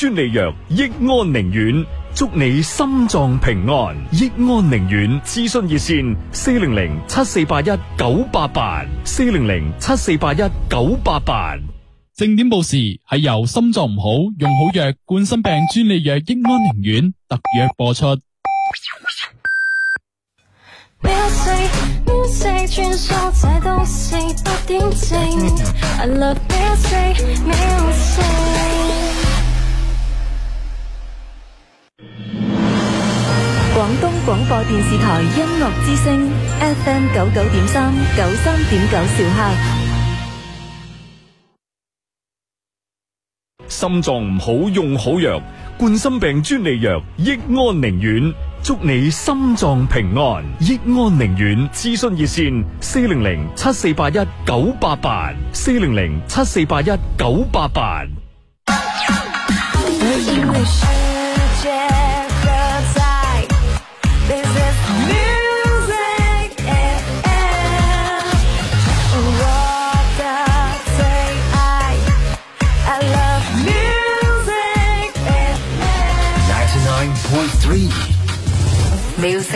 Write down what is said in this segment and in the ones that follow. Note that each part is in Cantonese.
專利藥益安寧丸，祝你心臟平安。益安寧丸諮詢熱線：四零零七四八一九八八，四零零七四八一九八八。正點報時係由心臟唔好用好藥，冠心病專利藥益安寧丸特約播出。廣東廣播電視台音樂之聲 FM 九九點三九三點九兆克，心臟唔好用好藥，冠心病專利藥益安寧丸，祝你心臟平安。益安寧丸，諮詢熱線四零零七四八一九八八，四零零七四八一九八八。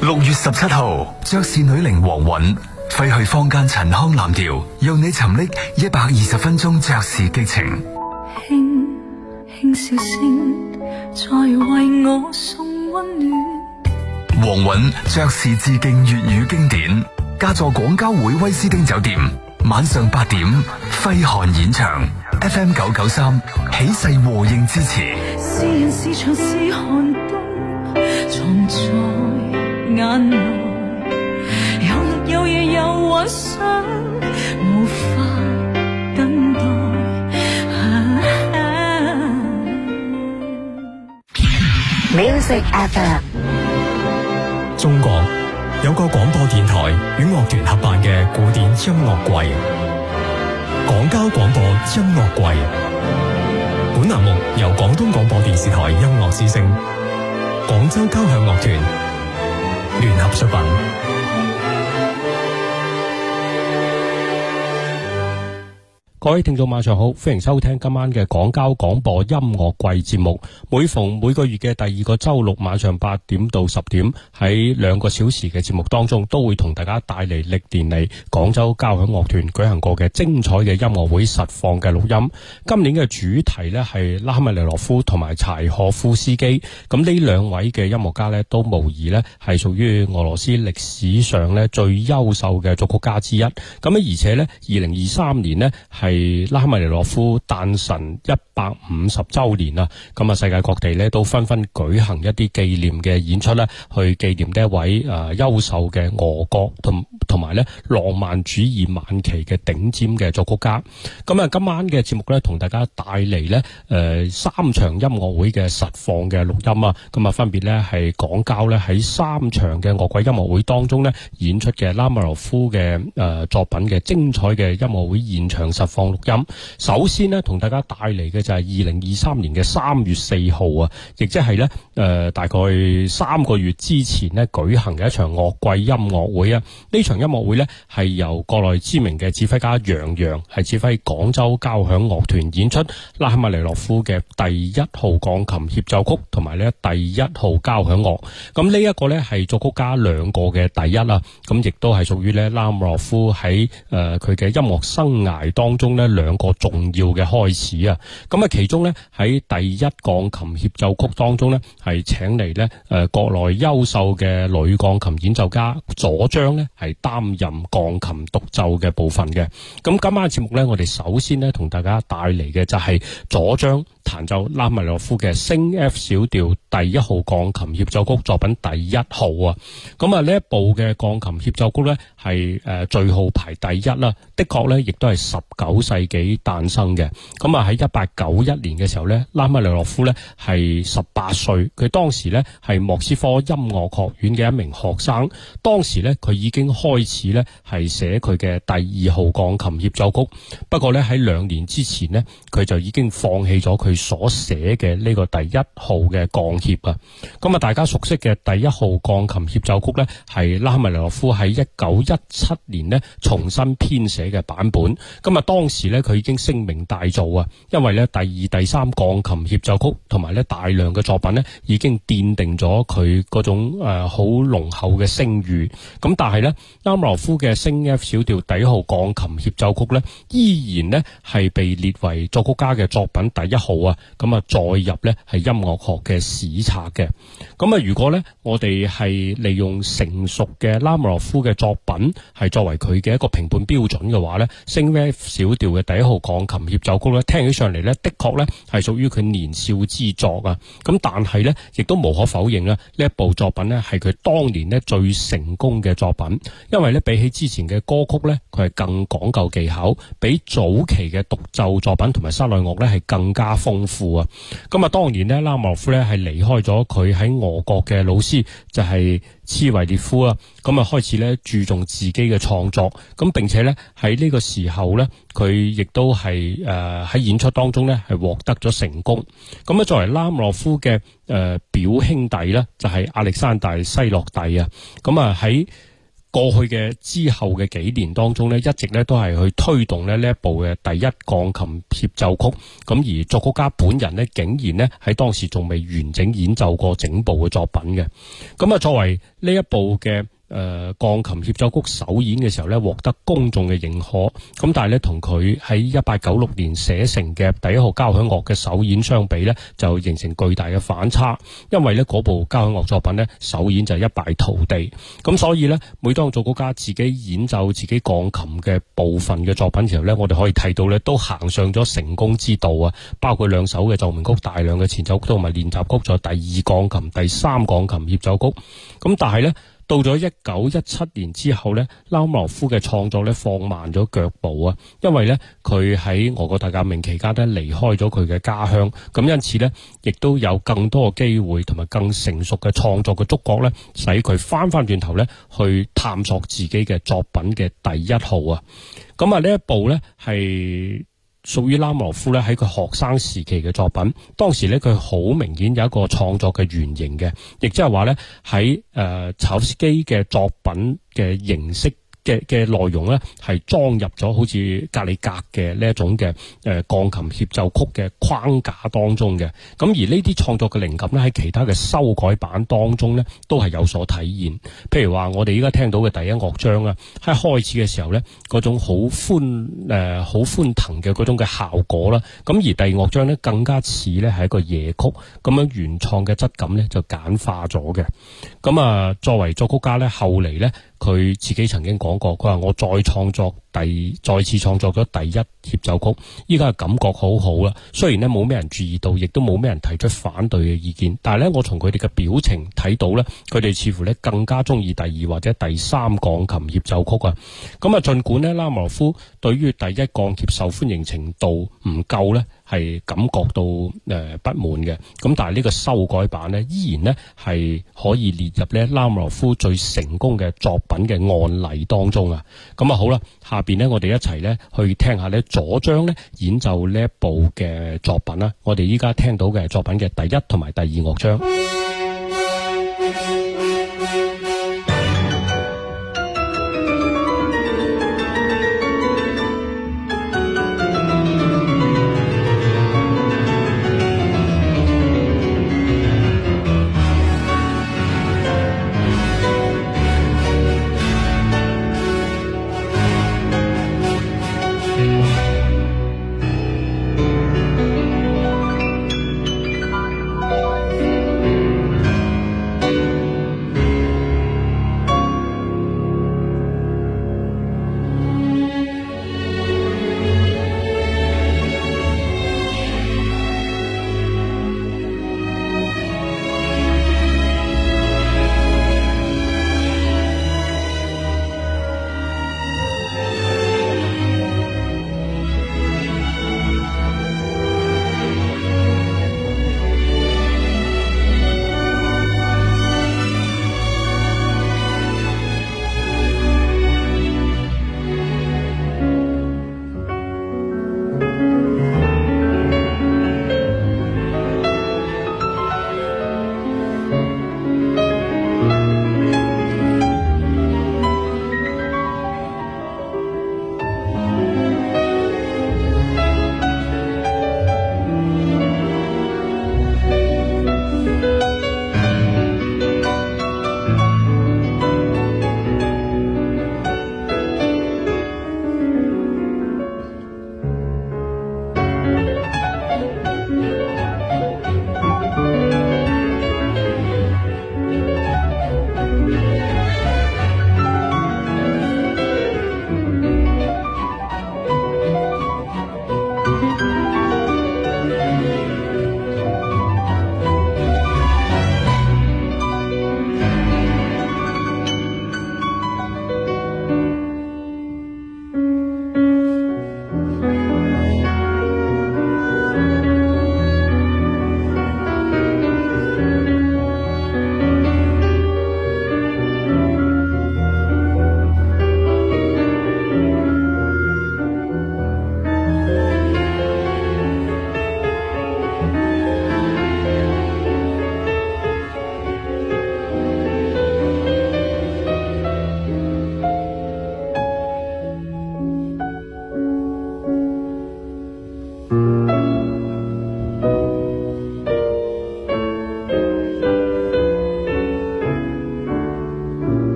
六月十七號，爵士女伶黃韻廢，去坊間陳腔濫調，讓你沉溺一百二十分鐘爵士激情。輕輕笑聲在為我送溫暖。黃韻爵士致敬粵語經典，加座廣交會威斯汀酒店。晚上八點，揮汗演唱，FM 九九三，喜世和應支持。是人是場是寒冬藏在眼內，有日有夜有幻想，無法等待。Music、啊、FM，、啊、中國。有個廣播電台與樂團合辦嘅古典音樂季——廣交廣播音樂季，本欄目由廣東廣播電視台音樂之聲、廣州交響樂團聯合出品。各位聽眾晚上好，歡迎收聽今晚嘅廣交廣播音樂季節目。每逢每個月嘅第二個周六晚上八點到十點，喺兩個小時嘅節目當中，都會同大家帶嚟歷年嚟廣州交響樂團舉行過嘅精彩嘅音樂會實況嘅錄音。今年嘅主題咧係拉米尼羅夫同埋柴可夫斯基，咁呢兩位嘅音樂家咧都無疑咧係屬於俄羅斯歷史上咧最優秀嘅作曲家之一。咁而且咧，二零二三年咧係。係拉米尼洛夫誕辰一百五十周年啊，咁啊，世界各地咧都紛紛舉行一啲紀念嘅演出咧，去紀念呢一位誒優秀嘅俄國同同埋咧浪漫主義晚期嘅頂尖嘅作曲家。咁啊，今晚嘅節目咧，同大家帶嚟咧誒三場音樂會嘅實況嘅錄音啊！咁啊，分別咧係廣交咧喺三場嘅樂季音樂會當中咧演出嘅拉米洛夫嘅誒、呃、作品嘅精彩嘅音樂會現場實況。錄音，首先呢，同大家帶嚟嘅就係二零二三年嘅三月四號啊，亦即係呢誒，大概三個月之前呢舉行嘅一場樂季音樂會啊。呢場音樂會呢，係由國內知名嘅指揮家楊洋係指揮廣州交響樂團演出拉赫瑪尼諾夫嘅第一號鋼琴協奏曲同埋呢第一號交響樂。咁呢一個呢，係作曲家兩個嘅第一啦，咁亦都係屬於呢拉姆諾夫喺誒佢嘅音樂生涯當中，呢兩個重要嘅開始啊，咁啊其中呢，喺第一鋼琴協奏曲當中呢，係請嚟呢誒國內優秀嘅女鋼琴演奏家左章呢，係擔任鋼琴獨奏嘅部分嘅，咁今晚嘅節目呢，我哋首先呢，同大家帶嚟嘅就係左章。彈奏拉米洛夫嘅升 F 小調第一號鋼琴協奏曲作品第一號啊！咁啊呢一部嘅鋼琴協奏曲呢係誒序號，排第一啦。的確呢，亦都係十九世紀誕生嘅。咁啊喺一八九一年嘅時候呢，拉米洛夫呢係十八歲，佢當時呢係莫斯科音樂學院嘅一名學生。當時呢，佢已經開始呢係寫佢嘅第二號鋼琴協奏曲，不過呢，喺兩年之前呢，佢就已經放棄咗佢。所寫嘅呢個第一號嘅鋼協啊，咁啊大家熟悉嘅第一號鋼琴協奏曲呢，係拉赫曼尼諾夫喺一九一七年呢重新編寫嘅版本。咁啊當時呢，佢已經聲名大噪啊，因為呢第二、第三鋼琴協奏曲同埋呢大量嘅作品呢，已經奠定咗佢嗰種誒好、呃、濃厚嘅聲譽。咁但係呢，拉赫曼尼諾夫嘅升 F 小調第一號鋼琴協奏曲呢，依然呢，係被列為作曲家嘅作品第一號。咁啊，再入咧係音樂學嘅史冊嘅。咁啊，如果咧我哋係利用成熟嘅拉莫洛夫嘅作品係作為佢嘅一個評判標準嘅話咧，升 F 小調嘅第一號鋼琴協奏曲咧，聽起上嚟咧的確咧係屬於佢年少之作啊。咁但係咧亦都無可否認咧呢一部作品咧係佢當年咧最成功嘅作品，因為咧比起之前嘅歌曲咧，佢係更講究技巧，比早期嘅獨奏作品同埋室內樂咧係更加豐。功夫啊，咁啊，當年呢，拉姆諾夫呢係離開咗佢喺俄國嘅老師，就係斯維列夫啊，咁啊開始呢，注重自己嘅創作，咁並且呢，喺呢個時候呢，佢亦都係誒喺演出當中呢，係獲得咗成功，咁啊作為拉姆諾夫嘅誒表兄弟呢，就係亞歷山大西洛蒂啊，咁啊喺。過去嘅之後嘅幾年當中呢，一直呢，都係去推動呢呢一部嘅第一鋼琴協奏曲，咁而作曲家本人呢竟然，呢喺當時仲未完整演奏過整部嘅作品嘅，咁啊作為呢一部嘅。誒、呃、鋼琴協奏曲首演嘅時候咧，獲得公眾嘅認可。咁但係咧，同佢喺一八九六年寫成嘅第一號交響樂嘅首演相比咧，就形成巨大嘅反差。因為咧嗰部交響樂作品咧首演就是一敗塗地。咁所以咧，每當作曲家自己演奏自己鋼琴嘅部分嘅作品的時候咧，我哋可以睇到咧都行上咗成功之道啊。包括兩首嘅奏鳴曲、大量嘅前奏曲同埋練習曲，仲有第二鋼琴、第三鋼琴協奏曲。咁但係咧。到咗一九一七年之後呢，拉姆羅夫嘅創作呢，放慢咗腳步啊，因為呢，佢喺俄國大革命期間呢離開咗佢嘅家鄉，咁因此呢，亦都有更多嘅機會同埋更成熟嘅創作嘅觸覺呢，使佢翻翻轉頭呢，去探索自己嘅作品嘅第一號啊，咁啊呢一部呢係。屬於拉莫夫咧喺佢學生時期嘅作品，當時咧佢好明顯有一個創作嘅原型嘅，亦即係話咧喺誒柴可夫斯基嘅作品嘅形式。嘅嘅內容呢係裝入咗好似格里格嘅呢一種嘅誒鋼琴協奏曲嘅框架當中嘅。咁而呢啲創作嘅靈感呢，喺其他嘅修改版當中呢都係有所體現。譬如話，我哋依家聽到嘅第一樂章啊，喺開始嘅時候呢，嗰種好歡誒好、呃、歡騰嘅嗰種嘅效果啦。咁而第二樂章呢，更加似呢係一個夜曲咁樣，原創嘅質感呢就簡化咗嘅。咁啊，作為作曲家呢，後嚟呢。佢自己曾經講過，佢話我再創作第再次創作咗第一協奏曲，依家感覺好好啦。雖然呢冇咩人注意到，亦都冇咩人提出反對嘅意見，但係呢，我從佢哋嘅表情睇到呢佢哋似乎呢更加中意第二或者第三鋼琴協奏曲啊。咁啊，儘管呢，拉莫夫對於第一鋼協受歡迎程度唔夠呢。係感覺到、呃、不滿嘅，咁但係呢個修改版呢依然呢係可以列入呢拉莫羅夫最成功嘅作品嘅案例當中啊！咁啊好啦，下面呢我哋一齊呢去聽下呢左張呢演奏呢一部嘅作品啦。我哋依家聽到嘅作品嘅第一同埋第二樂章。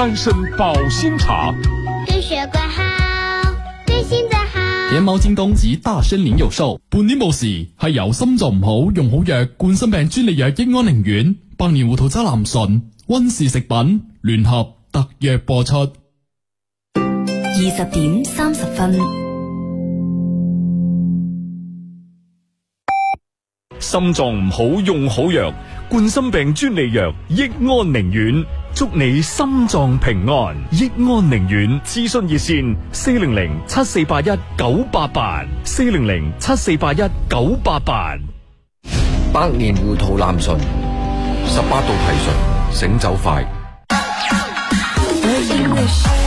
丹參保心茶，對血管好，對心臟好。天貓京東及大森林有售。半年冇事，係由心就唔好用好藥，冠心病專利藥益安寧丸，百年胡桃渣南順，溫氏食品聯合特約播出。二十點三十分。心臟唔好用好藥，冠心病專利藥益安寧丸，祝你心臟平安。益安寧丸，諮詢熱線四零零七四八一九八八，四零零七四八一九八八。百年糊塗南醇，十八度提醇，醒酒快。嗯嗯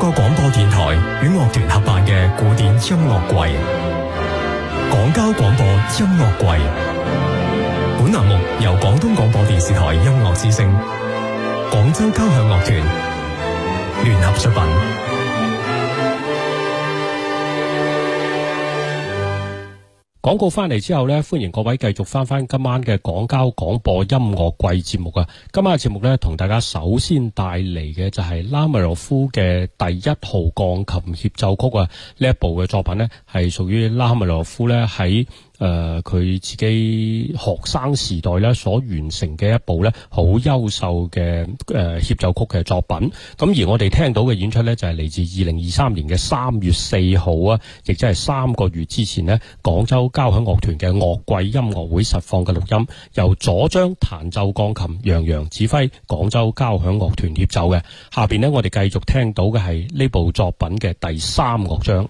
個廣播電台與樂團合辦嘅古典音樂季——廣交廣播音樂季，本欄目由廣東廣播電視台音樂之聲、廣州交響樂團聯合出品。廣告翻嚟之後呢，歡迎各位繼續翻翻今晚嘅廣交廣播音樂季節目啊！今晚嘅節目呢，同大家首先帶嚟嘅就係拉梅洛夫嘅第一號鋼琴協奏曲啊！呢一部嘅作品呢，係屬於拉梅洛夫呢喺誒、呃、佢自己學生時代咧所完成嘅一部咧好優秀嘅誒協奏曲嘅作品，咁而我哋聽到嘅演出呢，就係嚟自二零二三年嘅三月四號啊，亦即係三個月之前呢，廣州交響樂團嘅樂季音樂會實況嘅錄音，由左章彈奏鋼琴，楊洋指揮廣州交響樂團協奏嘅。下邊呢，我哋繼續聽到嘅係呢部作品嘅第三樂章。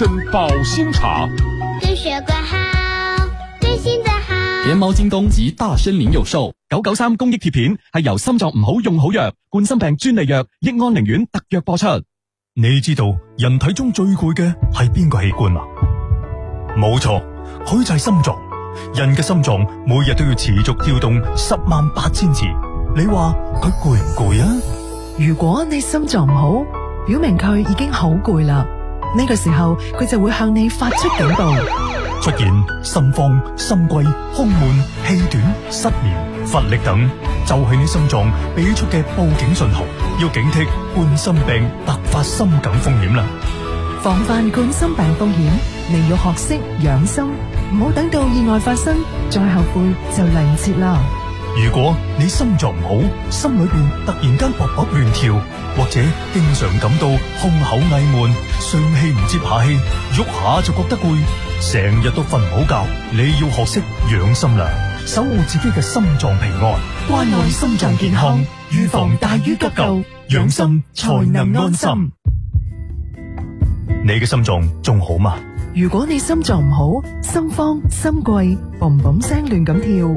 珍寶鮮茶，對血管好，對心臟好。天貓、京東及大森林有售，九九三公益貼片，係由心臟唔好用好藥，冠心病專利藥益安寧丸特約播出。你知道人體中最攰嘅係邊個器官啊？冇錯，佢就係心臟。人嘅心臟每日都要持續跳動十萬八千次，你話佢攰唔攰啊？如果你心臟唔好，表明佢已經好攰啦。呢個時候，佢就會向你發出警告，出現心慌、心悸、胸悶、氣短、失眠、乏力等，就係你心臟俾出嘅報警信號，要警惕冠心病突發心梗風險啦。防範冠心病風險，你要學識養心，唔好等到意外發生再後悔就嚟唔切啦。如果你心臟唔好，心裏面突然間勃勃亂跳，或者經常感到胸口翳悶、上氣唔接下氣，喐下就覺得攰，成日都瞓唔好覺，你要學識養心啦，守護自己嘅心臟平安。關愛心臟健康，預防大於急救，養心才能安心。你嘅心臟仲好嗎？如果你心臟唔好，心慌心悸，砰砰聲亂咁跳；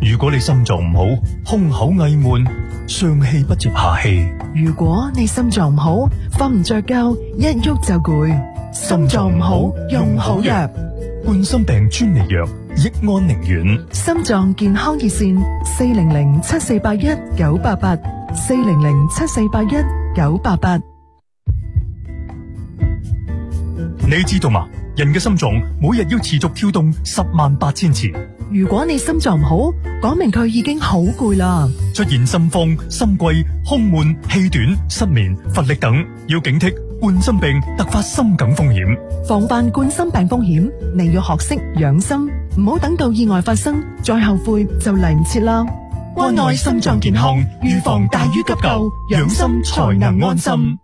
如果你心臟唔好，胸口翳悶，上氣不接下氣；如果你心臟唔好，瞓唔着覺，一喐就攰。心臟唔好用好藥，冠心病專利藥益安寧丸。心臟健康熱線：四零零七四八一九八八，四零零七四八一九八八。你知道嗎？人嘅心臟每日要持續跳動十萬八千次。如果你心臟唔好，講明佢已經好攰啦。出現心慌、心悸、胸悶、氣短、失眠、乏力等，要警惕冠心病突發心梗風險。防範冠心病風險，你要學識養生，唔好等到意外發生再後悔就嚟唔切啦。關愛心臟健康，預防大於急救，養心才能安心。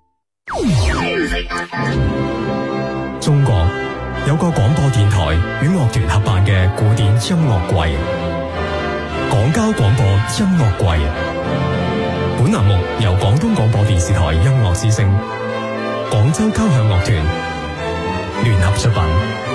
中國。有個廣播電台與樂團合辦嘅古典音樂季——廣交廣播音樂季，本欄目由廣東廣播電視台音樂之聲、廣州交響樂團聯合出品。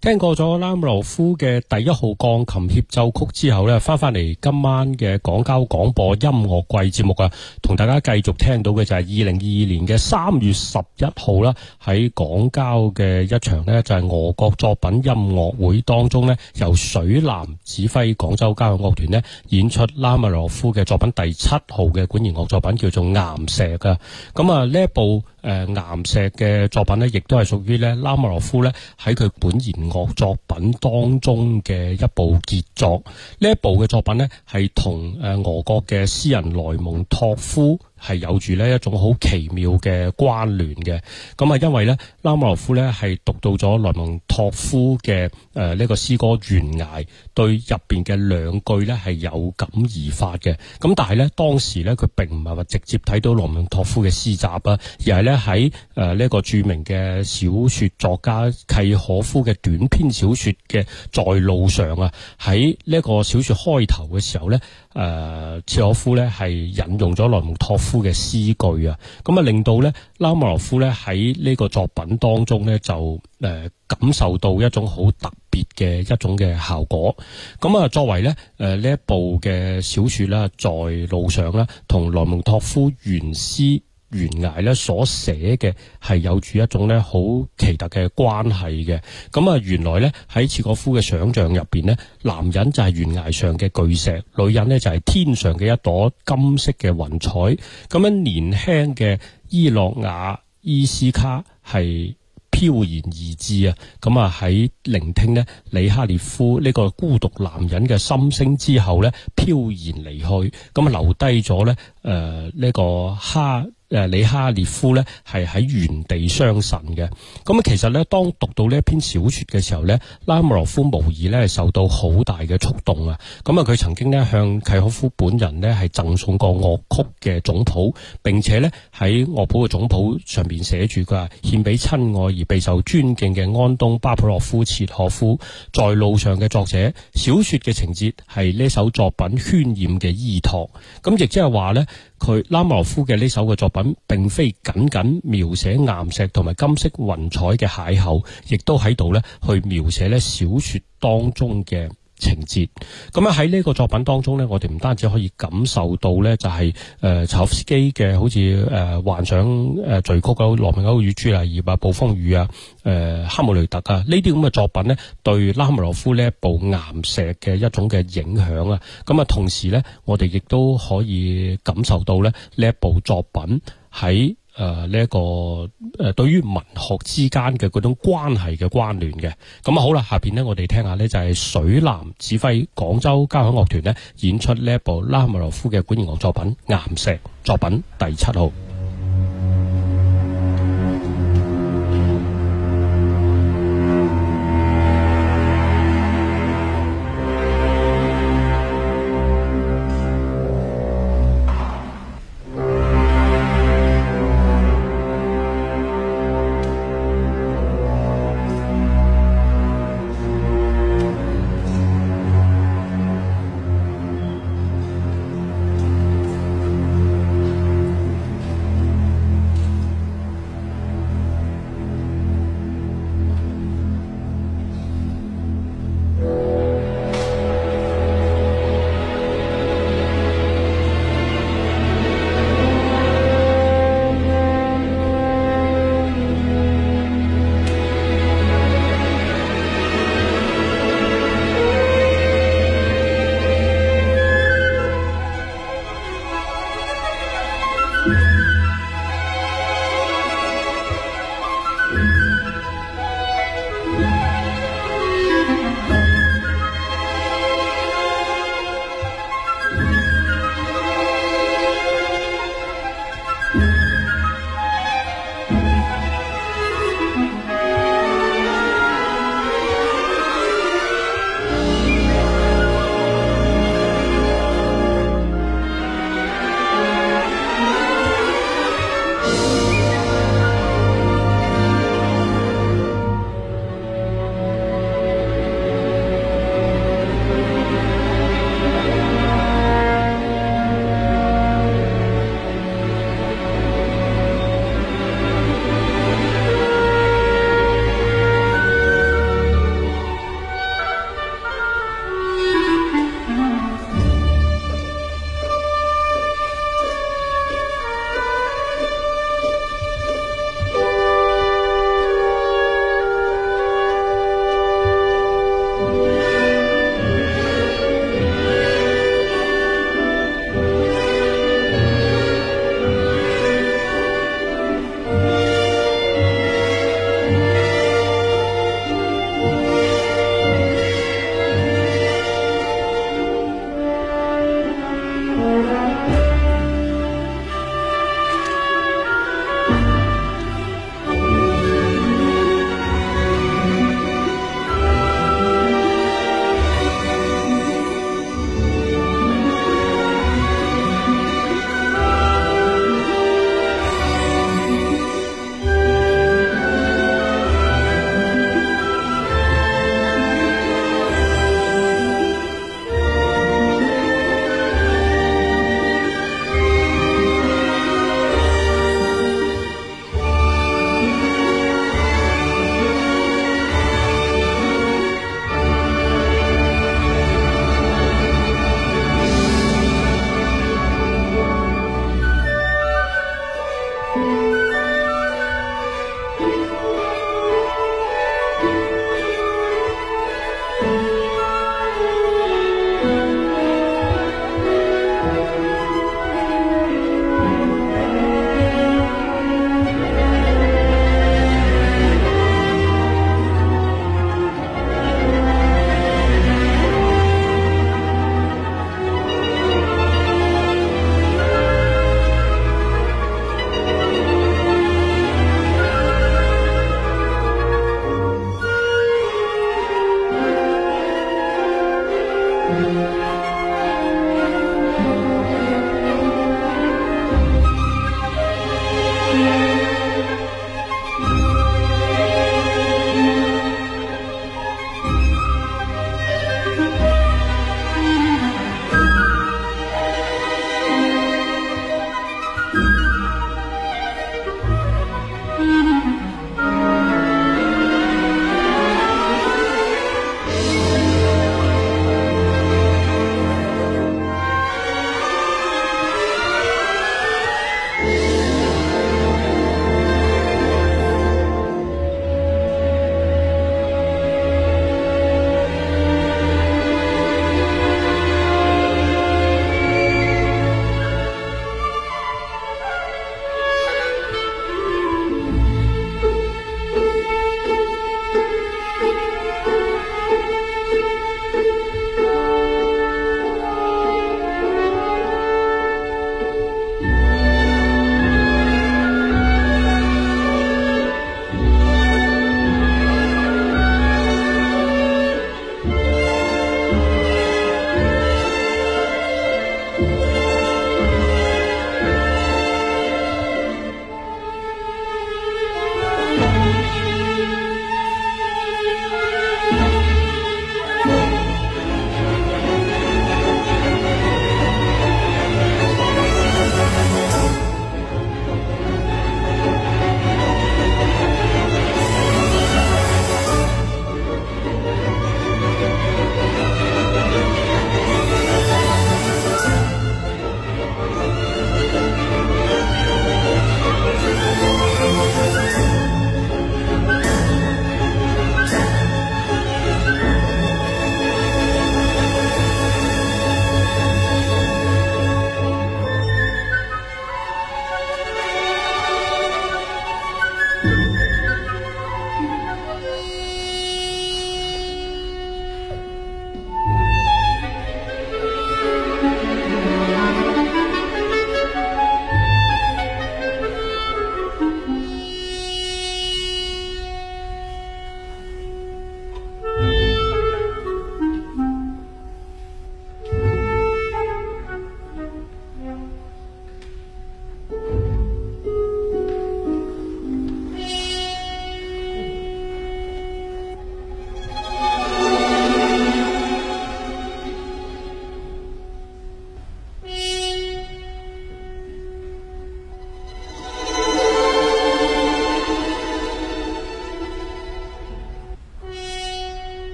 聽過咗拉姆羅夫嘅第一號鋼琴協奏曲之後呢，翻翻嚟今晚嘅廣交廣播音樂季節目啊，同大家繼續聽到嘅就係二零二二年嘅三月十一號啦，喺廣交嘅一場呢，就係俄國作品音樂會當中呢，由水藍指揮廣州交響樂團呢，演出拉姆羅夫嘅作品第七號嘅管弦樂作品叫做岩石㗎。咁啊呢一部。誒、呃、岩石嘅作品咧，亦都係屬於咧拉莫羅夫咧喺佢本言樂作品當中嘅一部傑作。呢一部嘅作品咧，係同誒俄國嘅詩人萊蒙托夫，係有住呢一種好奇妙嘅關聯嘅，咁啊，因為呢，拉馬留夫呢係讀到咗萊蒙托夫嘅誒呢個詩歌懸崖，對入邊嘅兩句呢係有感而發嘅。咁但係呢，當時呢，佢並唔係話直接睇到萊蒙托夫嘅詩集啊，而係呢，喺誒呢個著名嘅小説作家契可夫嘅短篇小説嘅《在路上》啊，喺呢個小説開頭嘅時候呢。誒、呃、切可夫咧係引用咗萊蒙托夫嘅詩句啊，咁啊令到呢拉莫羅夫呢喺呢個作品當中呢，就誒、呃、感受到一種好特別嘅一種嘅效果，咁、呃、啊作為咧誒呢、呃、這一部嘅小説啦，在路上啦，同萊蒙托夫原詩。懸崖咧，所寫嘅係有住一種咧好奇特嘅關係嘅。咁啊，原來呢喺契訶夫嘅想像入面，呢男人就係懸崖上嘅巨石，女人呢就係天上嘅一朵金色嘅雲彩。咁樣年輕嘅伊洛亞伊斯卡係飄然而至啊。咁啊，喺聆聽呢里哈列夫呢個孤獨男人嘅心聲之後呢，飄然離去，咁啊留低咗呢誒呢個哈。誒李哈列夫呢，係喺原地傷神嘅。咁其實呢，當讀到呢一篇小說嘅時候呢，拉莫羅夫無疑呢，受到好大嘅觸動啊。咁啊，佢曾經呢，向契可夫本人呢，係贈送過樂曲嘅總譜，並且呢，喺樂譜嘅總譜上面寫住佢話：獻俾親愛而備受尊敬嘅安東巴普洛夫切可夫，在路上嘅作者。小說嘅情節係呢首作品渲染嘅依托，咁亦即係話呢，佢拉莫羅夫嘅呢首嘅作品，並非僅僅描寫岩石同埋金色雲彩嘅邂逅，亦都喺度咧去描寫咧小說當中嘅。情節，咁啊喺呢個作品當中咧，我哋唔單止可以感受到咧、就是，就係誒柴可夫斯基嘅好似誒、呃、幻想誒、呃、序曲啊、羅密歐與朱麗葉啊、暴風雨啊、誒、呃、哈姆雷特啊，呢啲咁嘅作品咧，對拉赫瑪諾夫呢一部岩石嘅一種嘅影響啊，咁啊同時咧，我哋亦都可以感受到咧呢一部作品喺。誒呢一個誒、呃、對於文學之間嘅嗰種關係嘅關聯嘅，咁、嗯、啊好啦，下邊呢，我哋聽一下呢，就係、是、水藍指揮廣州交響樂團咧演出呢一部拉莫洛夫嘅管弦樂作品《岩石》作品第七號。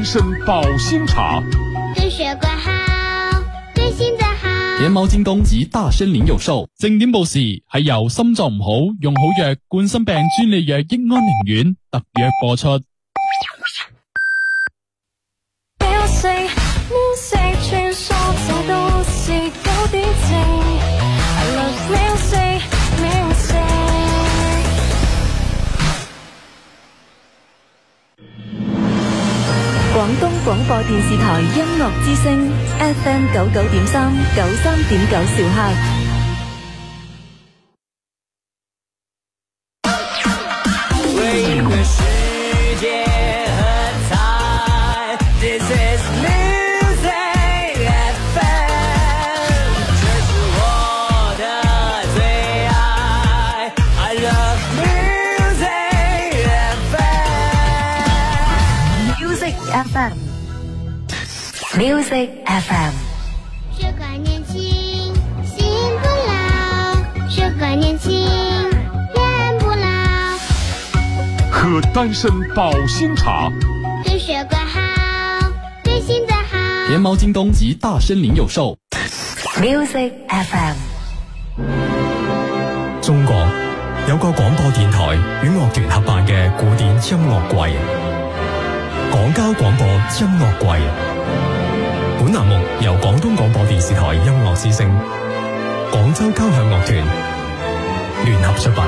養生保心茶，對血管好，對心臟好。天貓、京東及大森林有售。正點報時係由心臟唔好，用好藥，冠心病專利藥益安寧丸特約播出。九點三九三點九兆赫。保心茶，對血管好，對心臟好。天貓、京東及大森林有售。Music FM，中國有個廣播電台與樂團合辦嘅古典音樂季——廣交廣播音樂季。本欄目由廣東廣播電視台音樂之聲、廣州交響樂團聯合出品。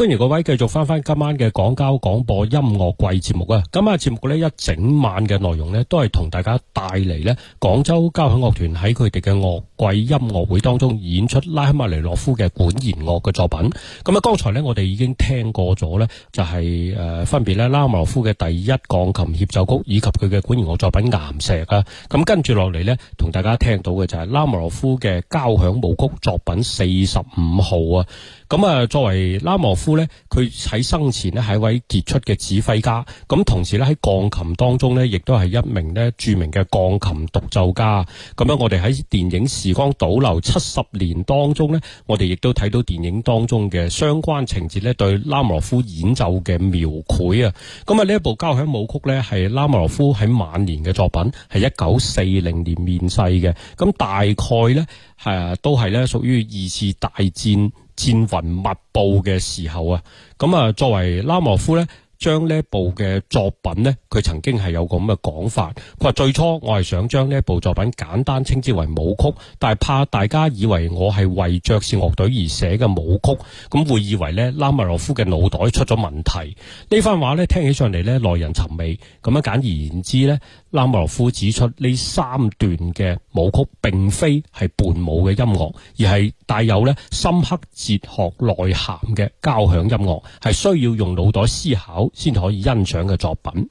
歡迎各位繼續翻翻今晚嘅廣交廣播音樂季節目啊！今晚嘅節目咧，一整晚嘅內容咧，都係同大家帶嚟咧廣州交響樂團喺佢哋嘅樂。季音樂會當中演出拉赫瑪尼諾夫嘅管弦樂嘅作品，咁啊，剛才呢，我哋已經聽過咗呢，就係誒分別咧拉莫諾夫嘅第一鋼琴協奏曲以及佢嘅管弦樂作品《岩石》啊，咁跟住落嚟呢，同大家聽到嘅就係拉莫諾夫嘅交響舞曲作品四十五號啊，咁啊，作為拉莫諾夫呢，佢喺生前咧係一位傑出嘅指揮家，咁同時呢，喺鋼琴當中呢，亦都係一名咧著名嘅鋼琴獨奏家，咁樣我哋喺電影時光倒流七十年當中呢，我哋亦都睇到電影當中嘅相關情節呢，對拉莫羅夫演奏嘅描繪啊。咁啊，呢一部交響舞曲呢，係拉莫羅夫喺晚年嘅作品，係一九四零年面世嘅。咁大概咧，誒都係呢屬於二次大戰戰雲密布嘅時候啊。咁啊，作為拉莫羅夫呢。將呢部嘅作品呢，佢曾經係有個咁嘅講法，佢話最初我係想將呢部作品簡單稱之為舞曲，但係怕大家以為我係為爵士樂隊而寫嘅舞曲，咁會以為呢拉麥洛夫嘅腦袋出咗問題。呢番話呢聽起上嚟呢耐人尋味。咁樣簡而言之呢，拉麥洛夫指出呢三段嘅舞曲並非係伴舞嘅音樂，而係帶有呢深刻哲學內涵嘅交響音樂，係需要用腦袋思考先可以欣賞嘅作品。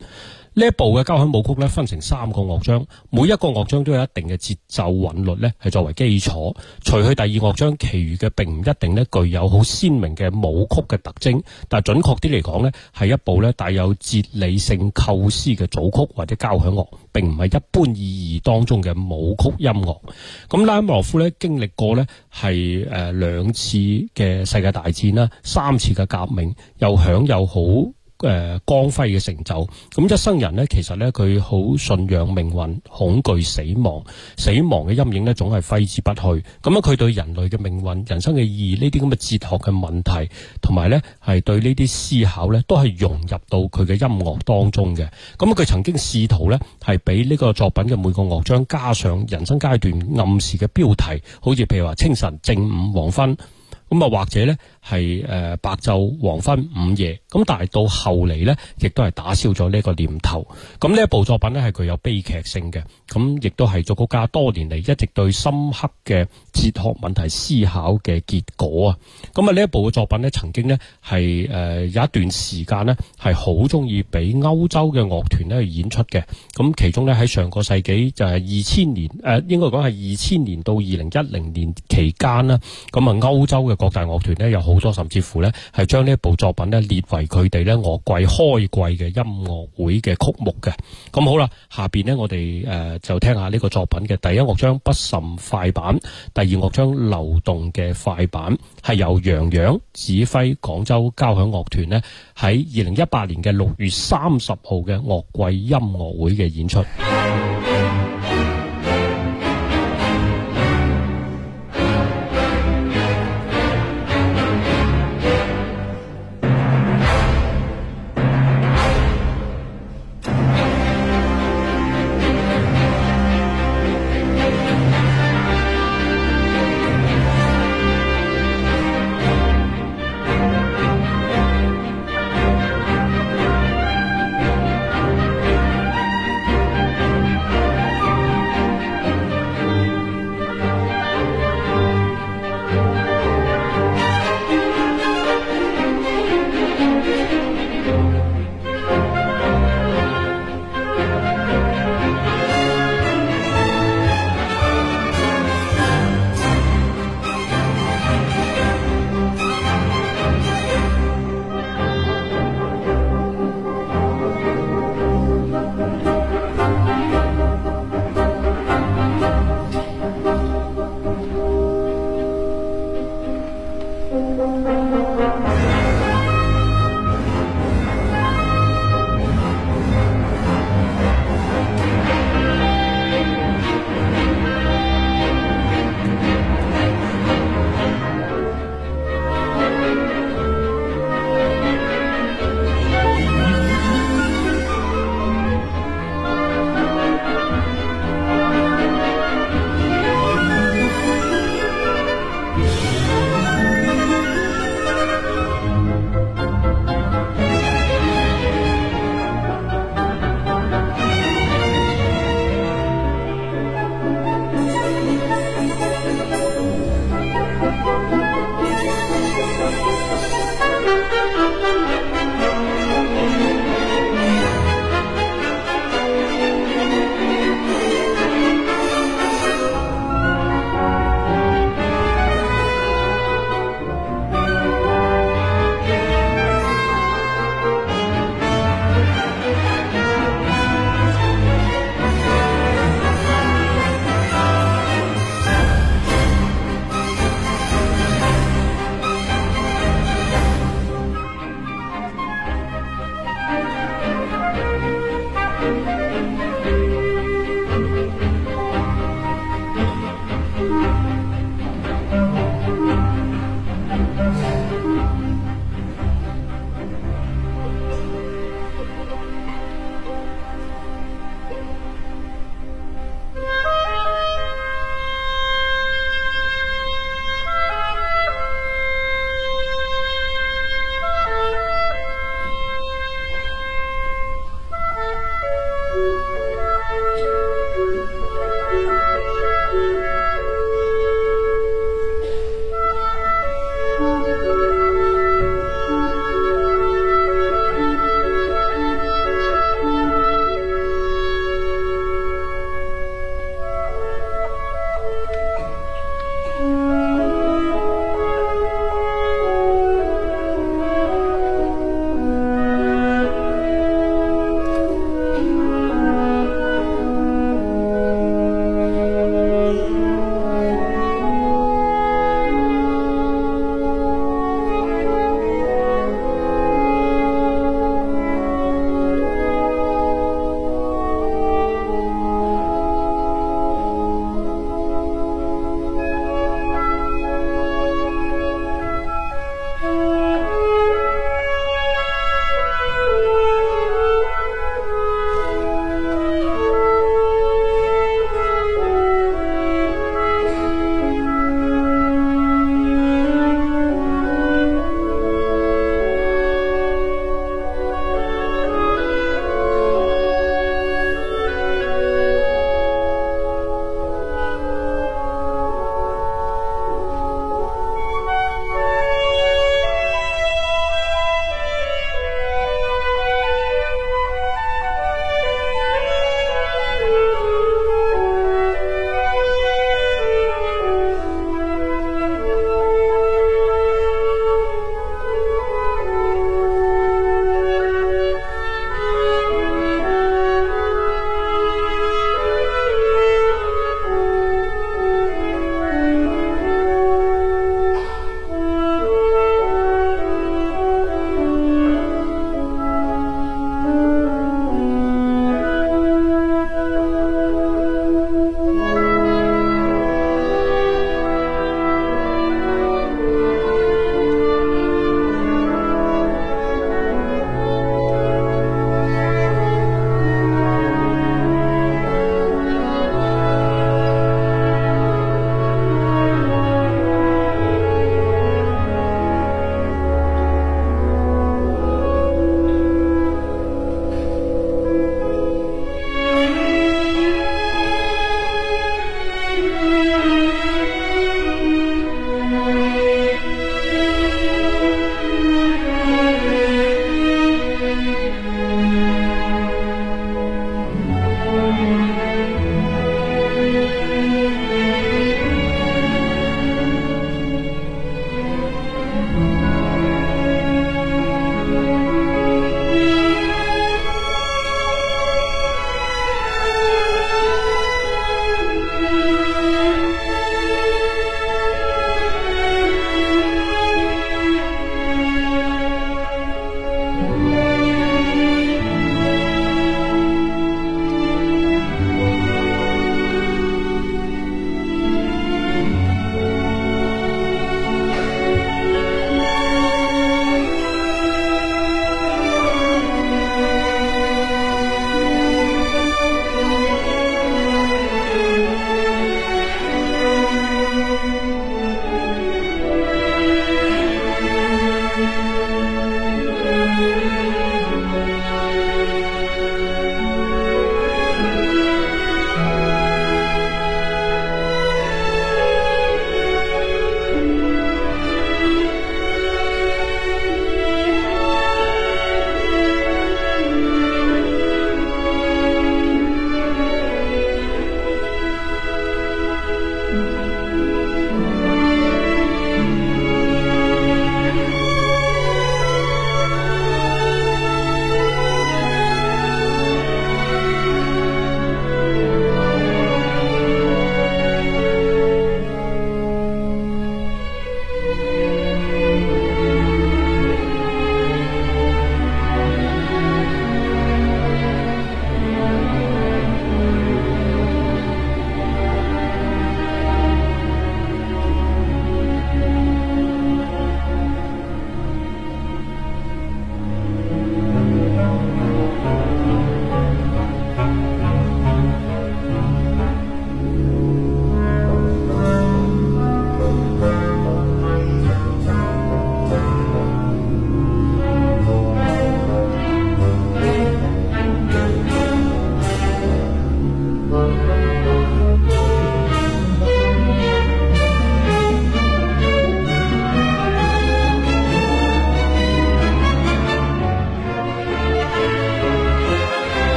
呢一部嘅交響舞曲咧，分成三個樂章，每一個樂章都有一定嘅節奏韻律咧，係作為基礎。除去第二樂章，其餘嘅並唔一定咧具有好鮮明嘅舞曲嘅特徵。但係準確啲嚟講呢，係一部咧帶有哲理性構思嘅組曲或者交響樂，並唔係一般意義當中嘅舞曲音樂。咁拉姆羅夫咧經歷過呢係誒、呃、兩次嘅世界大戰啦，三次嘅革命，又享有好，誒、呃、光輝嘅成就，咁一生人呢，其實呢，佢好信仰命運，恐懼死亡，死亡嘅陰影呢，總係揮之不去。咁樣佢對人類嘅命運、人生嘅意義呢啲咁嘅哲學嘅問題，同埋呢係對呢啲思考呢，都係融入到佢嘅音樂當中嘅。咁佢曾經試圖呢，係俾呢個作品嘅每個樂章加上人生階段暗示嘅標題，好似譬如話清晨、正午、黃昏，咁啊或者呢。係誒、呃、白晝、黃昏、午夜咁，但係到後嚟咧，亦都係打消咗呢個念頭。咁呢一部作品咧，係具有悲劇性嘅，咁亦都係作曲家多年嚟一直對深刻嘅哲學問題思考嘅結果啊！咁啊呢一部嘅作品咧，曾經咧係誒有一段時間咧係好中意俾歐洲嘅樂團咧去演出嘅。咁其中咧喺上個世紀就係二千年誒、呃，應該講係二千年到二零一零年期間啦。咁啊歐洲嘅各大樂團咧有。好多甚至乎呢，係將呢一部作品呢列為佢哋呢樂季開季嘅音樂會嘅曲目嘅。咁好啦，下邊呢，我哋誒就聽下呢個作品嘅第一樂章不甚快板、第二樂章流動嘅快板，係由楊洋，洋指揮廣州交響樂團呢，喺二零一八年嘅六月三十號嘅樂季音樂會嘅演出。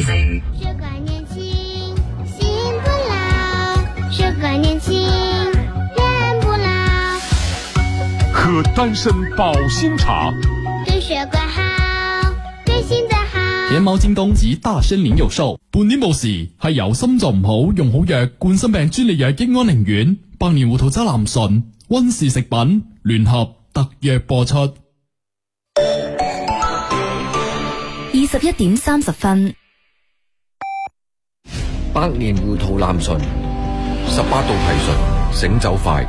血管年輕，心不老。血管年輕，心不老。喝丹參保心茶，對血管好，對心臟好。天貓京東及大森林有售。半年冇事係由心就唔好用好藥，冠心病專利藥益安寧丸、百年胡桃渣、南順、溫氏食品聯合特約播出。二十一點三十分。百年糊塗南順，十八度提純醒酒快。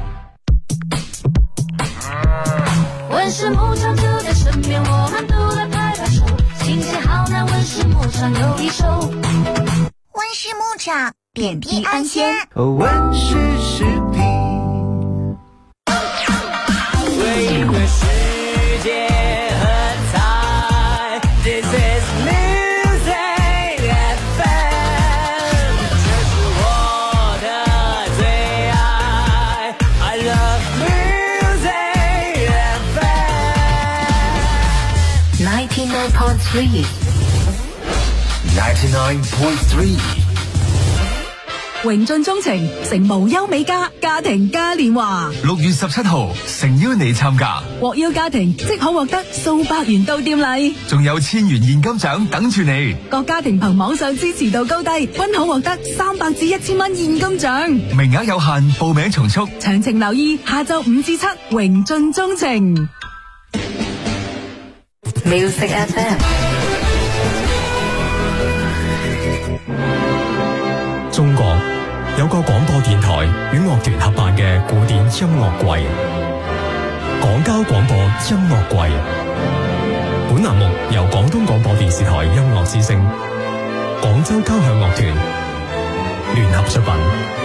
温室牧場就在身邊，我們都來拍拍手。新鮮好奶，温室牧場有一手。温室牧場，點滴安心。九九點三，榮駿鍾情，成無憂美家家庭嘉年華，六月十七號誠邀你參加，獲邀家庭即可獲得數百元到店禮，仲有千元現金獎等住你。各家庭憑網上支持度高低，均可獲得三百至一千蚊現金獎，名額有限，報名從速，詳情留意下晝五至七，榮駿鍾情，Music FM。有個廣播電台與樂團合辦嘅古典音樂季——廣交廣播音樂季，本欄目由廣東廣播電視台音樂之聲、廣州交響樂團聯合出品。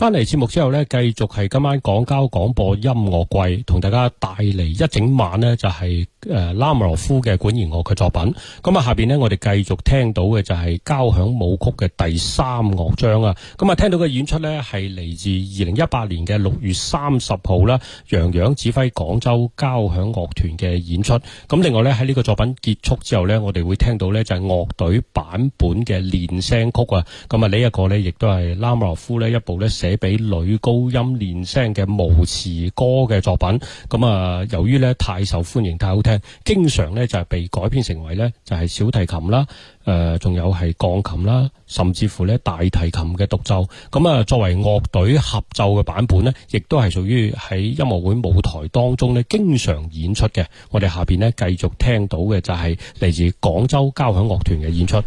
翻嚟節目之後呢，繼續係今晚廣交廣播音樂季，同大家帶嚟一整晚呢，就係、是、誒、呃、拉莫羅夫嘅管弦樂嘅作品。咁、嗯、啊下邊呢，我哋繼續聽到嘅就係交響舞曲嘅第三樂章啊。咁、嗯、啊聽到嘅演出呢，係嚟自二零一八年嘅六月三十號啦，楊洋指揮廣州交響樂團嘅演出。咁、嗯、另外呢，喺呢個作品結束之後呢，我哋會聽到呢，就係樂隊版本嘅練聲曲啊。咁啊呢一個呢，亦都係拉莫羅夫呢一部呢寫。寫俾女高音練聲嘅無詞歌嘅作品，咁啊，由於咧太受歡迎、太好聽，經常咧就係被改編成為咧就係小提琴啦，誒、呃，仲有係鋼琴啦，甚至乎咧大提琴嘅獨奏，咁啊，作為樂隊合奏嘅版本咧，亦都係屬於喺音樂會舞台當中咧經常演出嘅。我哋下邊咧繼續聽到嘅就係嚟自廣州交響樂團嘅演出。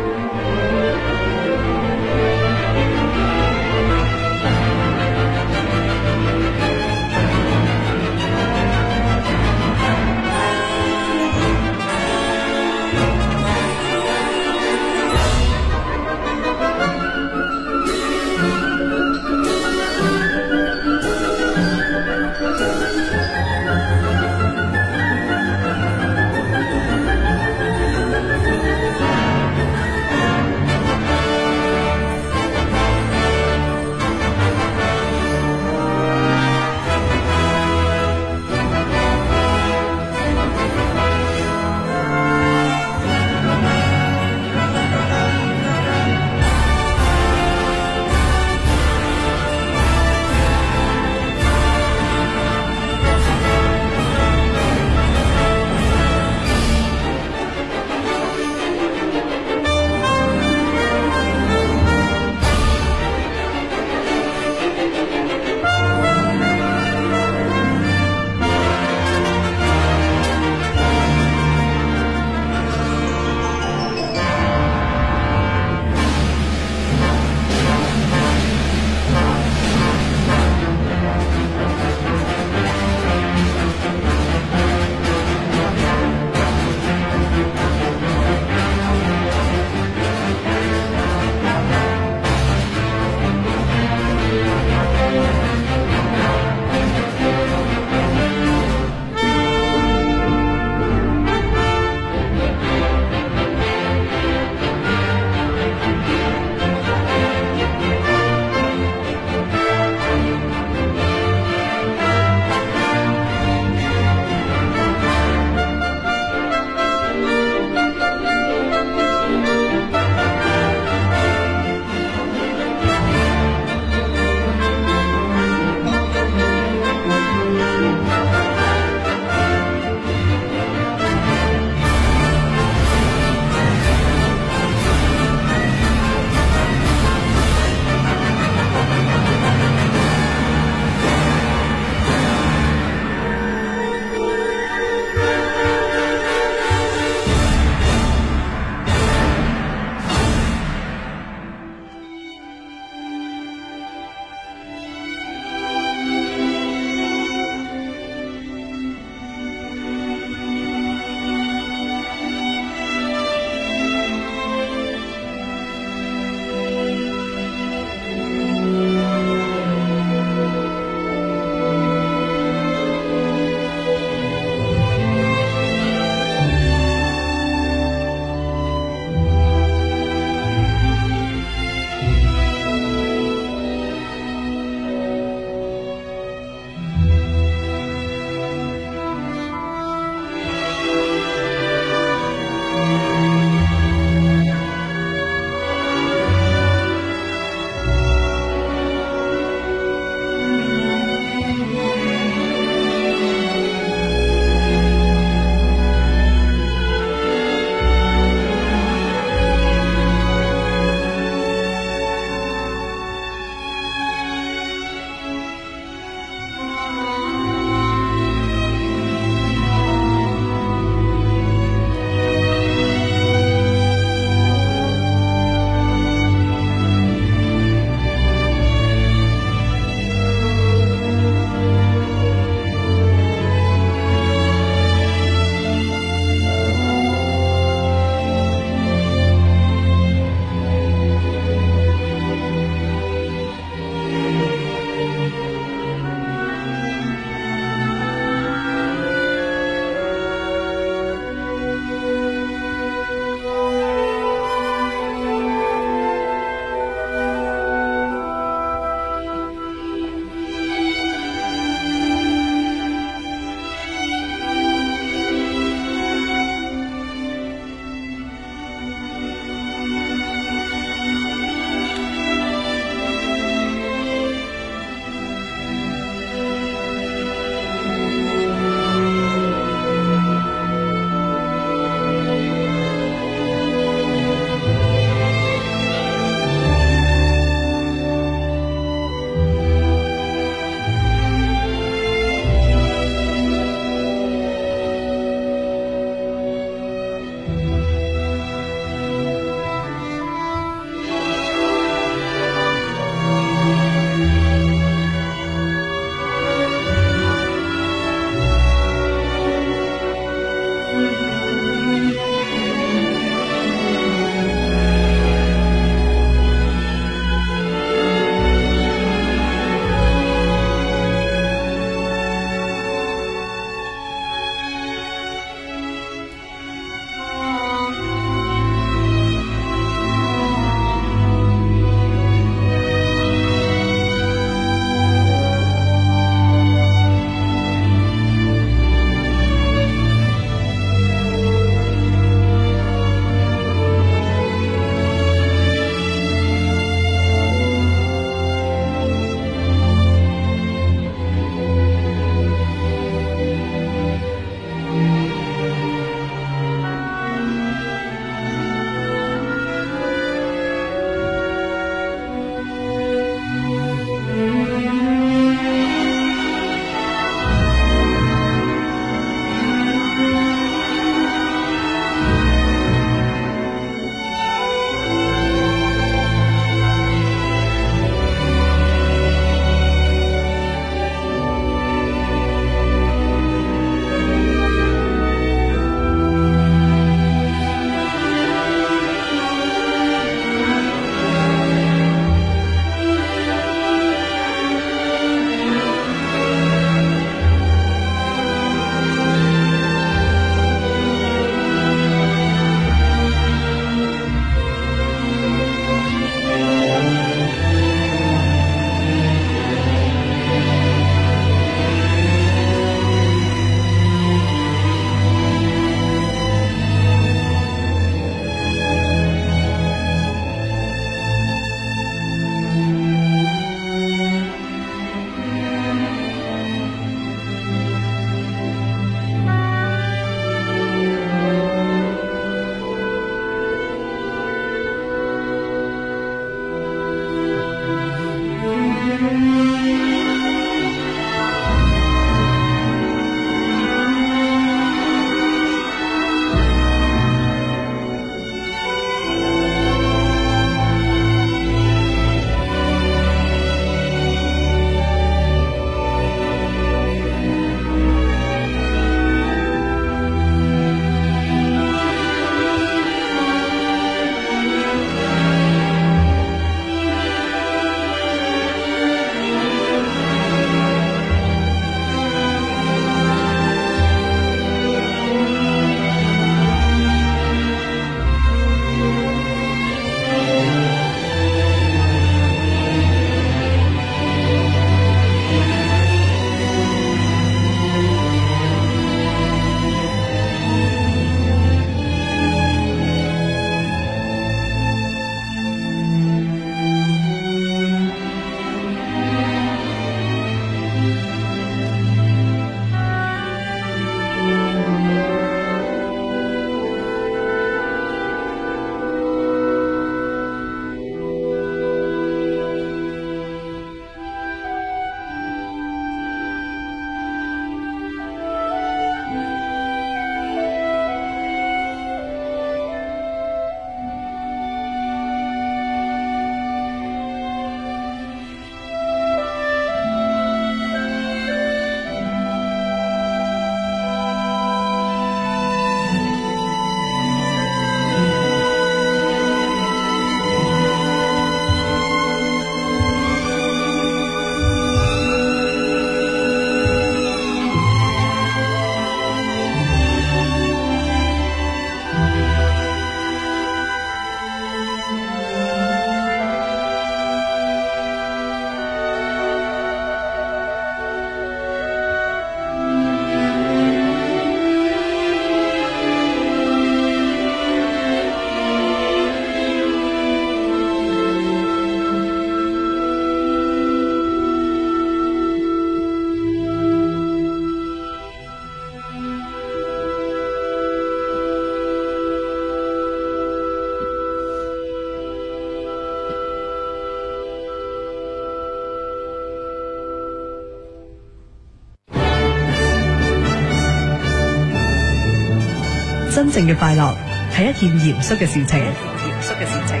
正嘅快樂係一件嚴肅嘅事情。嚴肅嘅事情，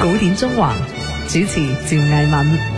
古典縱橫，主持趙藝敏。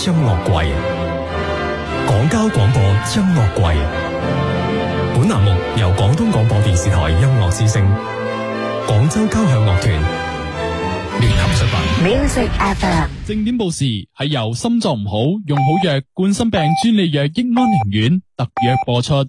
音樂季，廣交廣播音樂季。本欄目由廣東廣播電視台音樂之聲、廣州交響樂團聯合出版。Music FM。正點報時係由心臟唔好用好藥冠心病專利藥益安寧丸特約播出。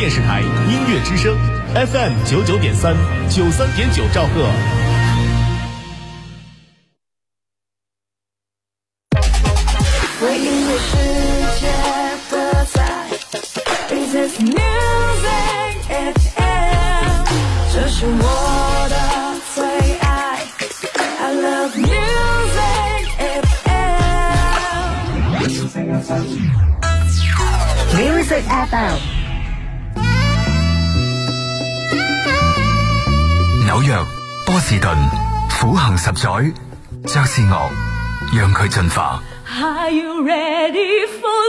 電視台音樂之聲，FM 九九點三，九三點九兆赫。紐約波士頓苦行十載，爵士樂讓佢進化。Are you ready for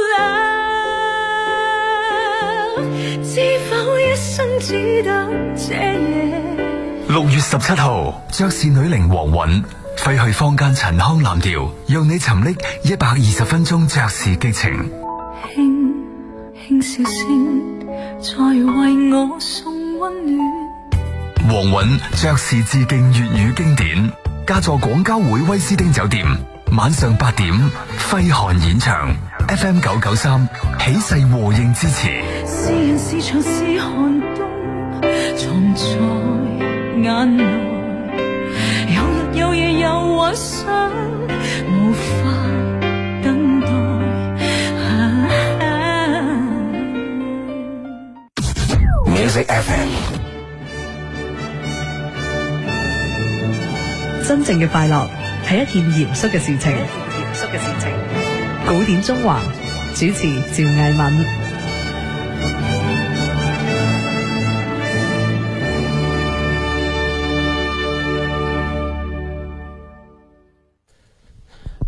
love? 知否一生只等這夜？六月十七號，爵士女伶王韻廢去坊間陳腔濫調，讓你沉溺一百二十分鐘爵士激情。輕輕笑聲再為我送溫暖。黃韻爵士致敬粵語經典，加座廣交會威斯汀酒店，晚上八點，輝汗演唱，FM 九九三，起勢和應支持。是人是場是寒冬真正嘅快樂係一件嚴肅嘅事情。嚴肅嘅事情。古典縱橫，主持趙藝敏。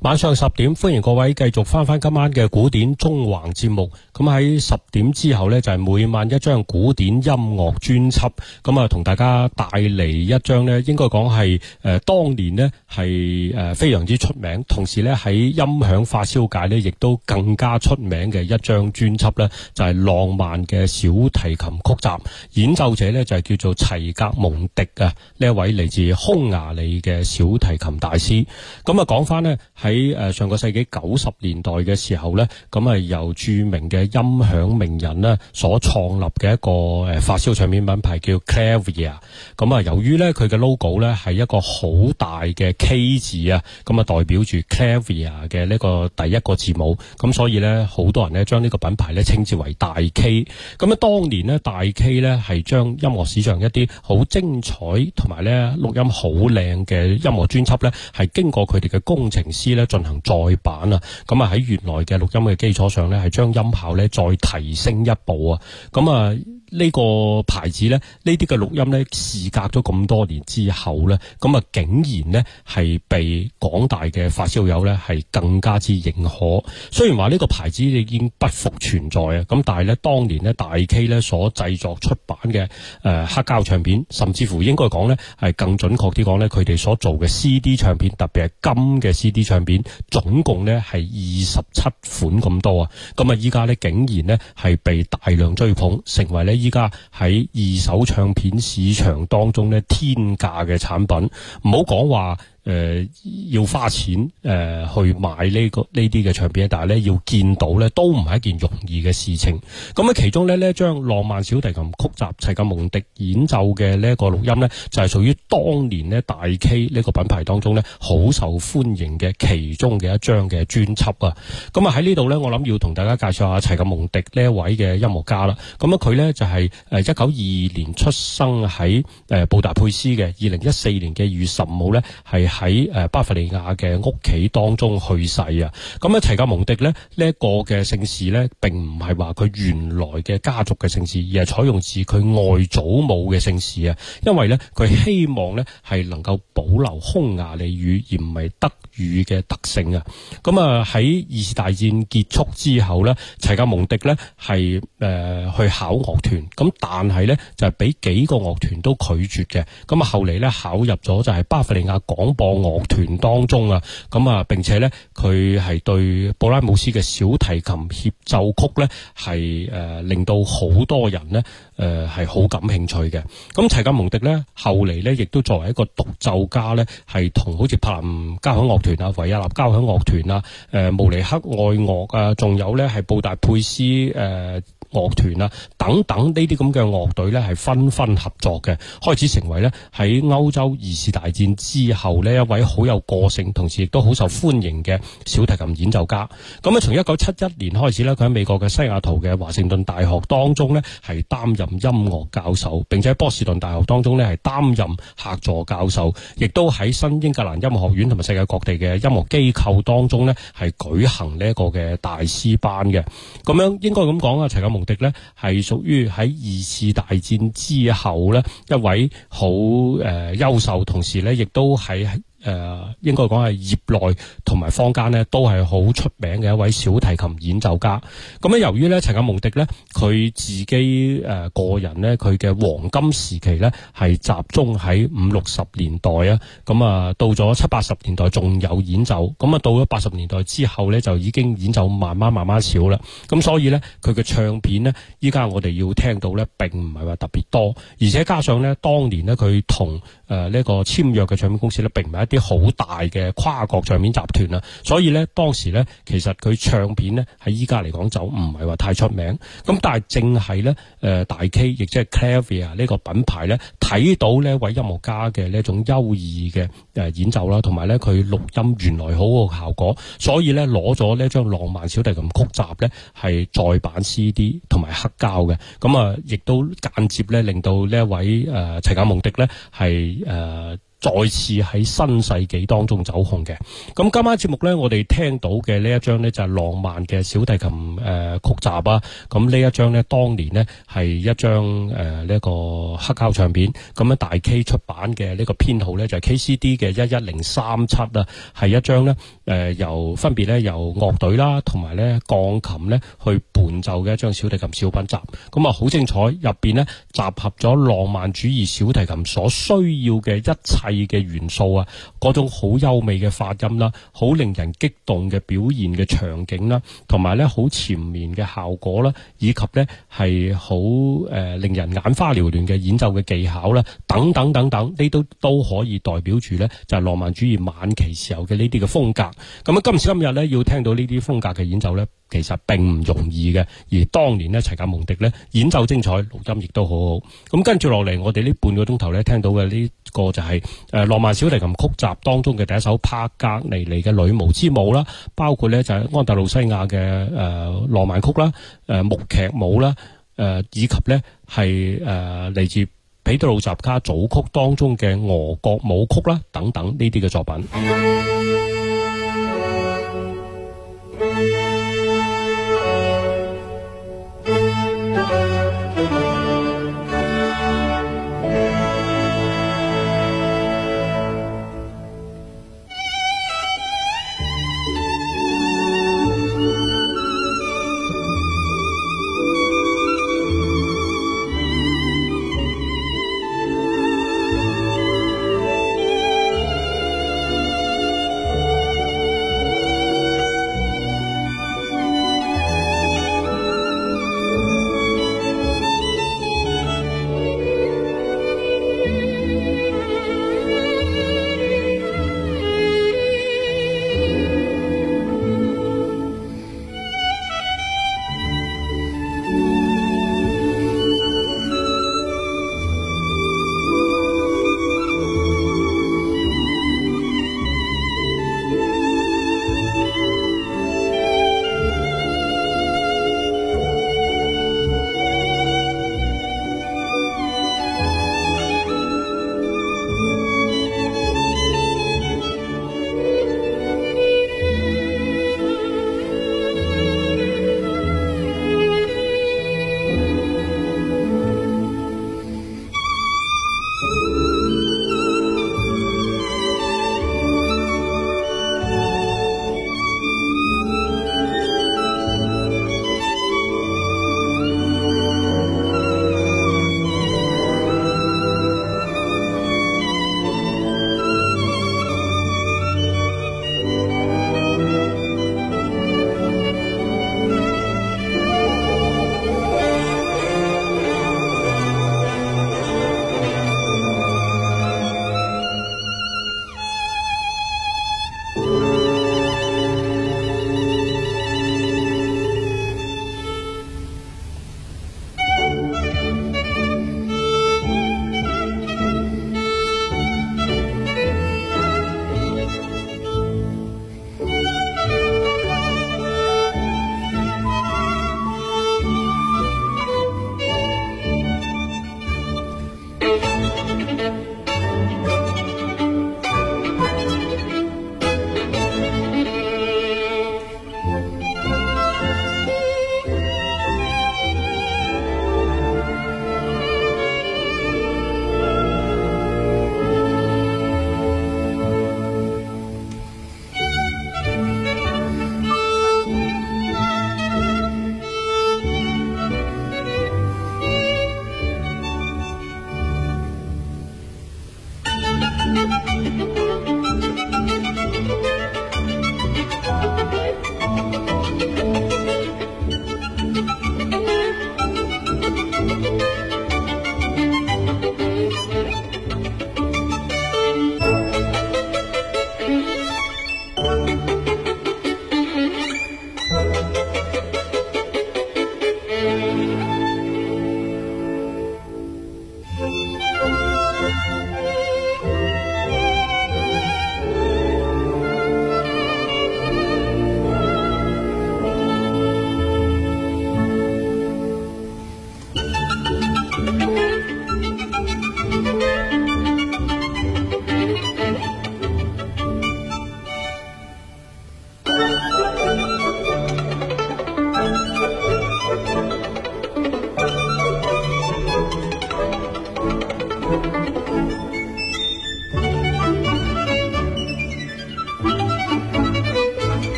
晚上十點，歡迎各位繼續翻翻今晚嘅古典縱橫節目。咁喺十點之後呢，就係、是、每晚一張古典音樂專輯。咁啊，同大家帶嚟一張呢，應該講係誒當年呢係誒非常之出名，同時呢喺音響發燒界呢亦都更加出名嘅一張專輯呢就係、是《浪漫嘅小提琴曲集》。演奏者呢，就係叫做齊格蒙迪啊呢一位嚟自匈牙利嘅小提琴大師。咁啊，講翻呢。係。喺誒上個世紀九十年代嘅時候咧，咁啊由著名嘅音響名人咧所創立嘅一個誒發燒唱片品牌叫 Clavia，咁啊由於咧佢嘅 logo 咧係一個好大嘅 K 字啊，咁啊代表住 Clavia 嘅呢個第一個字母，咁所以咧好多人咧將呢個品牌咧稱之為大 K。咁啊，當年咧大 K 咧係將音樂史上一啲好精彩同埋咧錄音好靚嘅音樂專輯咧，係經過佢哋嘅工程師，進行再版啊，咁啊喺原來嘅錄音嘅基礎上咧，係將音效咧再提升一步啊，咁啊。呢、呢個牌子咧，呢啲嘅錄音咧，事隔咗咁多年之後咧，咁啊竟然咧係被廣大嘅發燒友咧係更加之認可。雖然話呢個牌子已經不復存在啊，咁但係咧當年咧大 K 咧所製作出版嘅誒、呃、黑膠唱片，甚至乎應該講咧係更準確啲講咧，佢哋所做嘅 CD 唱片，特別係金嘅 CD 唱片，總共咧係二十七款咁多啊。咁啊依家咧竟然咧係被大量追捧，成為咧。依家喺二手唱片市場當中咧，天價嘅產品，唔好講話。誒、呃，要花錢誒、呃、去買呢、這個呢啲嘅唱片，但係咧要見到咧都唔係一件容易嘅事情。咁、嗯、啊，其中咧咧張《浪漫小提琴曲集》齊格蒙迪演奏嘅呢一個錄音咧，就係屬於當年咧大 K 呢個品牌當中咧好受歡迎嘅其中嘅一張嘅專輯啊。咁啊喺呢度咧，我諗要同大家介紹下齊格蒙迪呢一位嘅音樂家啦。咁、嗯、啊，佢咧就係誒一九二二年出生喺誒、呃、布達佩斯嘅，二零一四年嘅二月十五呢咧係喺誒巴伐利亞嘅屋企當中去世啊。咁啊齊格蒙迪咧呢一個嘅姓氏咧，並唔係話佢原來嘅家族嘅姓氏，而係採用自佢外祖母嘅姓氏啊。因為咧，佢希望咧係能夠保留匈牙利語而唔係德語嘅特性啊。咁啊，喺二次大戰結束之後咧，齊格蒙迪咧係誒去考樂團，咁但係咧就係俾幾個樂團都拒絕嘅。咁啊，後嚟咧考入咗就係巴伐利亞廣播。樂團當中啊，咁啊，並且呢，佢係對布拉姆斯嘅小提琴協奏曲呢，係、呃、誒令到好多人呢誒係好感興趣嘅。咁齊格蒙迪呢，後嚟呢，亦都作為一個獨奏家呢，係同好似柏林交響樂團啊、維也納交響樂團啊、誒、呃、慕尼克愛樂啊，仲有呢，係布達佩斯誒。呃樂團啊等等呢啲咁嘅樂隊呢，係紛紛合作嘅，開始成為呢，喺歐洲二次大戰之後呢一位好有個性，同時亦都好受歡迎嘅小提琴演奏家。咁啊，從一九七一年開始呢，佢喺美國嘅西雅圖嘅華盛頓大學當中呢，係擔任音樂教授，並且喺波士頓大學當中呢，係擔任客座教授，亦都喺新英格蘭音樂學院同埋世界各地嘅音樂機構當中呢，係舉行呢一個嘅大師班嘅。咁樣應該咁講啊，就是蒙迪咧係屬於喺二次大戰之後咧一位好誒優秀，同時咧亦都喺。誒、呃、應該講係業內同埋坊間呢都係好出名嘅一位小提琴演奏家。咁、嗯、由於呢陳近夢迪呢，佢自己誒、呃、個人呢，佢嘅黃金時期呢，係集中喺五六十年代啊。咁、嗯、啊、嗯，到咗七八十年代仲有演奏，咁、嗯、啊，到咗八十年代之後呢，就已經演奏慢慢慢慢少啦。咁、嗯、所以呢，佢嘅唱片呢，依家我哋要聽到呢，並唔係話特別多，而且加上呢，當年呢，佢同誒呢一個簽約嘅唱片公司呢，並唔係啲好大嘅跨國唱片集團啦、啊，所以咧當時咧其實佢唱片咧喺依家嚟講就唔係話太出名，咁但係正係咧誒大 K 亦即係 Clavier 呢個品牌咧睇到呢位音樂家嘅呢一種優異嘅誒演奏啦、啊，同埋咧佢錄音原來好嘅效果，所以咧攞咗呢張《呢浪漫小提琴曲集呢》咧係再版 CD 同埋黑膠嘅，咁啊亦都間接咧令到呢一位誒、呃、齊格蒙迪咧係誒。再次喺新世紀當中走紅嘅，咁今晚節目咧，我哋聽到嘅呢一張咧就係、是、浪漫嘅小提琴誒、呃、曲集啊！咁呢一張咧，當年咧係一張誒呢個黑膠唱片，咁咧大 K 出版嘅呢個編號咧就係、是、KCD 嘅一一零三七啊，係一張咧誒由分別咧由樂隊啦同埋咧鋼琴咧去伴奏嘅一張小提琴小品集，咁啊好精彩，入邊咧集合咗浪漫主義小提琴所需要嘅一切。嘅元素啊，嗰種好優美嘅發音啦、啊，好令人激動嘅表現嘅場景啦、啊，同埋咧好纏綿嘅效果啦、啊，以及咧係好誒令人眼花繚亂嘅演奏嘅技巧啦、啊，等等等等，呢都都可以代表住咧就係、是、浪漫主義晚期時候嘅呢啲嘅風格。咁、嗯、啊今時今日咧要聽到呢啲風格嘅演奏咧，其實並唔容易嘅。而當年咧，齊格蒙迪咧演奏精彩，錄音亦都好好。咁、嗯、跟住落嚟，我哋呢半個鐘頭咧聽到嘅呢個就係、是。誒，浪漫小提琴曲集當中嘅第一首帕格尼尼嘅《女巫之舞》啦，包括咧就係安達路西亞嘅誒浪漫曲啦，誒、呃、木劇舞啦，誒、呃、以及咧係誒嚟自彼得魯什卡組曲當中嘅俄國舞曲啦等等呢啲嘅作品。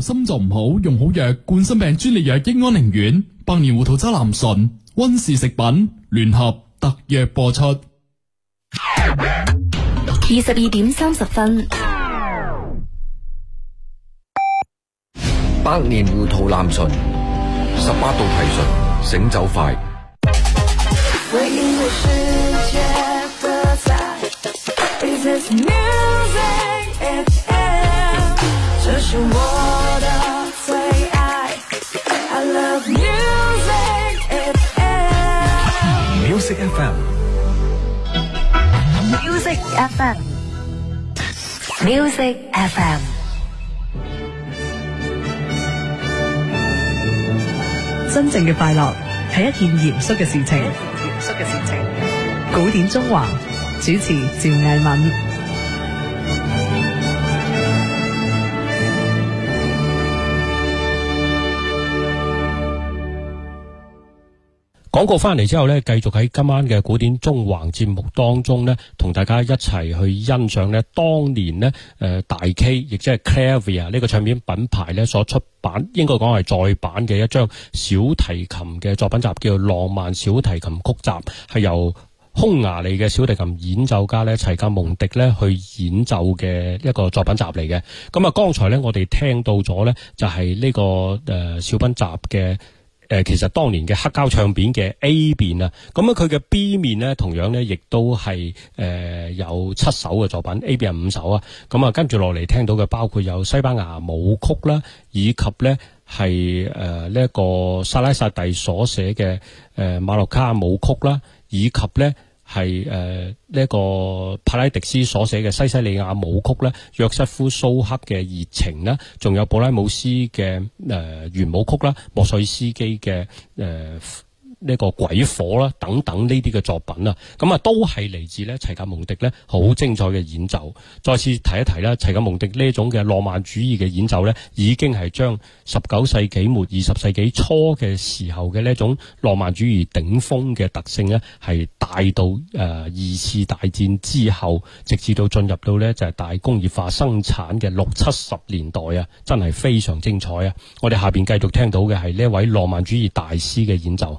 心臟唔好用好藥，冠心病專利藥益安寧丸，百年糊塗渣、藍醇、溫氏食品聯合特約播出。二十二點三十分，百年糊塗藍醇，十八度提純，醒酒快。FM Music FM，真正嘅快樂係一件嚴肅嘅事情。嚴肅嘅事情。古典縱橫主持趙藝敏。廣告翻嚟，之後呢繼續喺今晚嘅古典縱橫節目當中呢，同大家一齊去欣賞呢，當年呢誒、呃、大 K，亦即係 c l a i v i a 呢個唱片品牌呢所出版，應該講係再版嘅一張小提琴嘅作品集，叫《浪漫小提琴曲集》，係由匈牙利嘅小提琴演奏家呢齊格蒙迪呢去演奏嘅一個作品集嚟嘅。咁、嗯、啊，剛才呢我哋聽到咗呢、這個，就係呢個誒小品集嘅。誒，其實當年嘅黑膠唱片嘅 A 面啊，咁啊佢嘅 B 面咧，同樣咧亦都係誒有七首嘅作品，A B 係五首啊，咁啊跟住落嚟聽到嘅包括有西班牙舞曲啦，以及咧係誒呢一個薩拉薩蒂所寫嘅誒馬洛卡舞曲啦，以及咧。係誒呢一個帕拉迪斯所寫嘅西西里亞舞曲咧，約瑟夫蘇克嘅熱情啦，仲有布拉姆斯嘅誒圓舞曲啦，莫瑞斯基嘅誒。呃呢、這個鬼火啦，等等呢啲嘅作品啊，咁啊都係嚟自咧柴可蒙迪基咧好精彩嘅演奏。再次提一提啦，柴可蒙迪呢一種嘅浪漫主義嘅演奏呢，已經係將十九世紀末二十世紀初嘅時候嘅呢一種浪漫主義頂峰嘅特性呢，係帶到誒二次大戰之後，直至到進入到呢就係大工業化生產嘅六七十年代啊，真係非常精彩啊！我哋下邊繼續聽到嘅係呢位浪漫主義大師嘅演奏。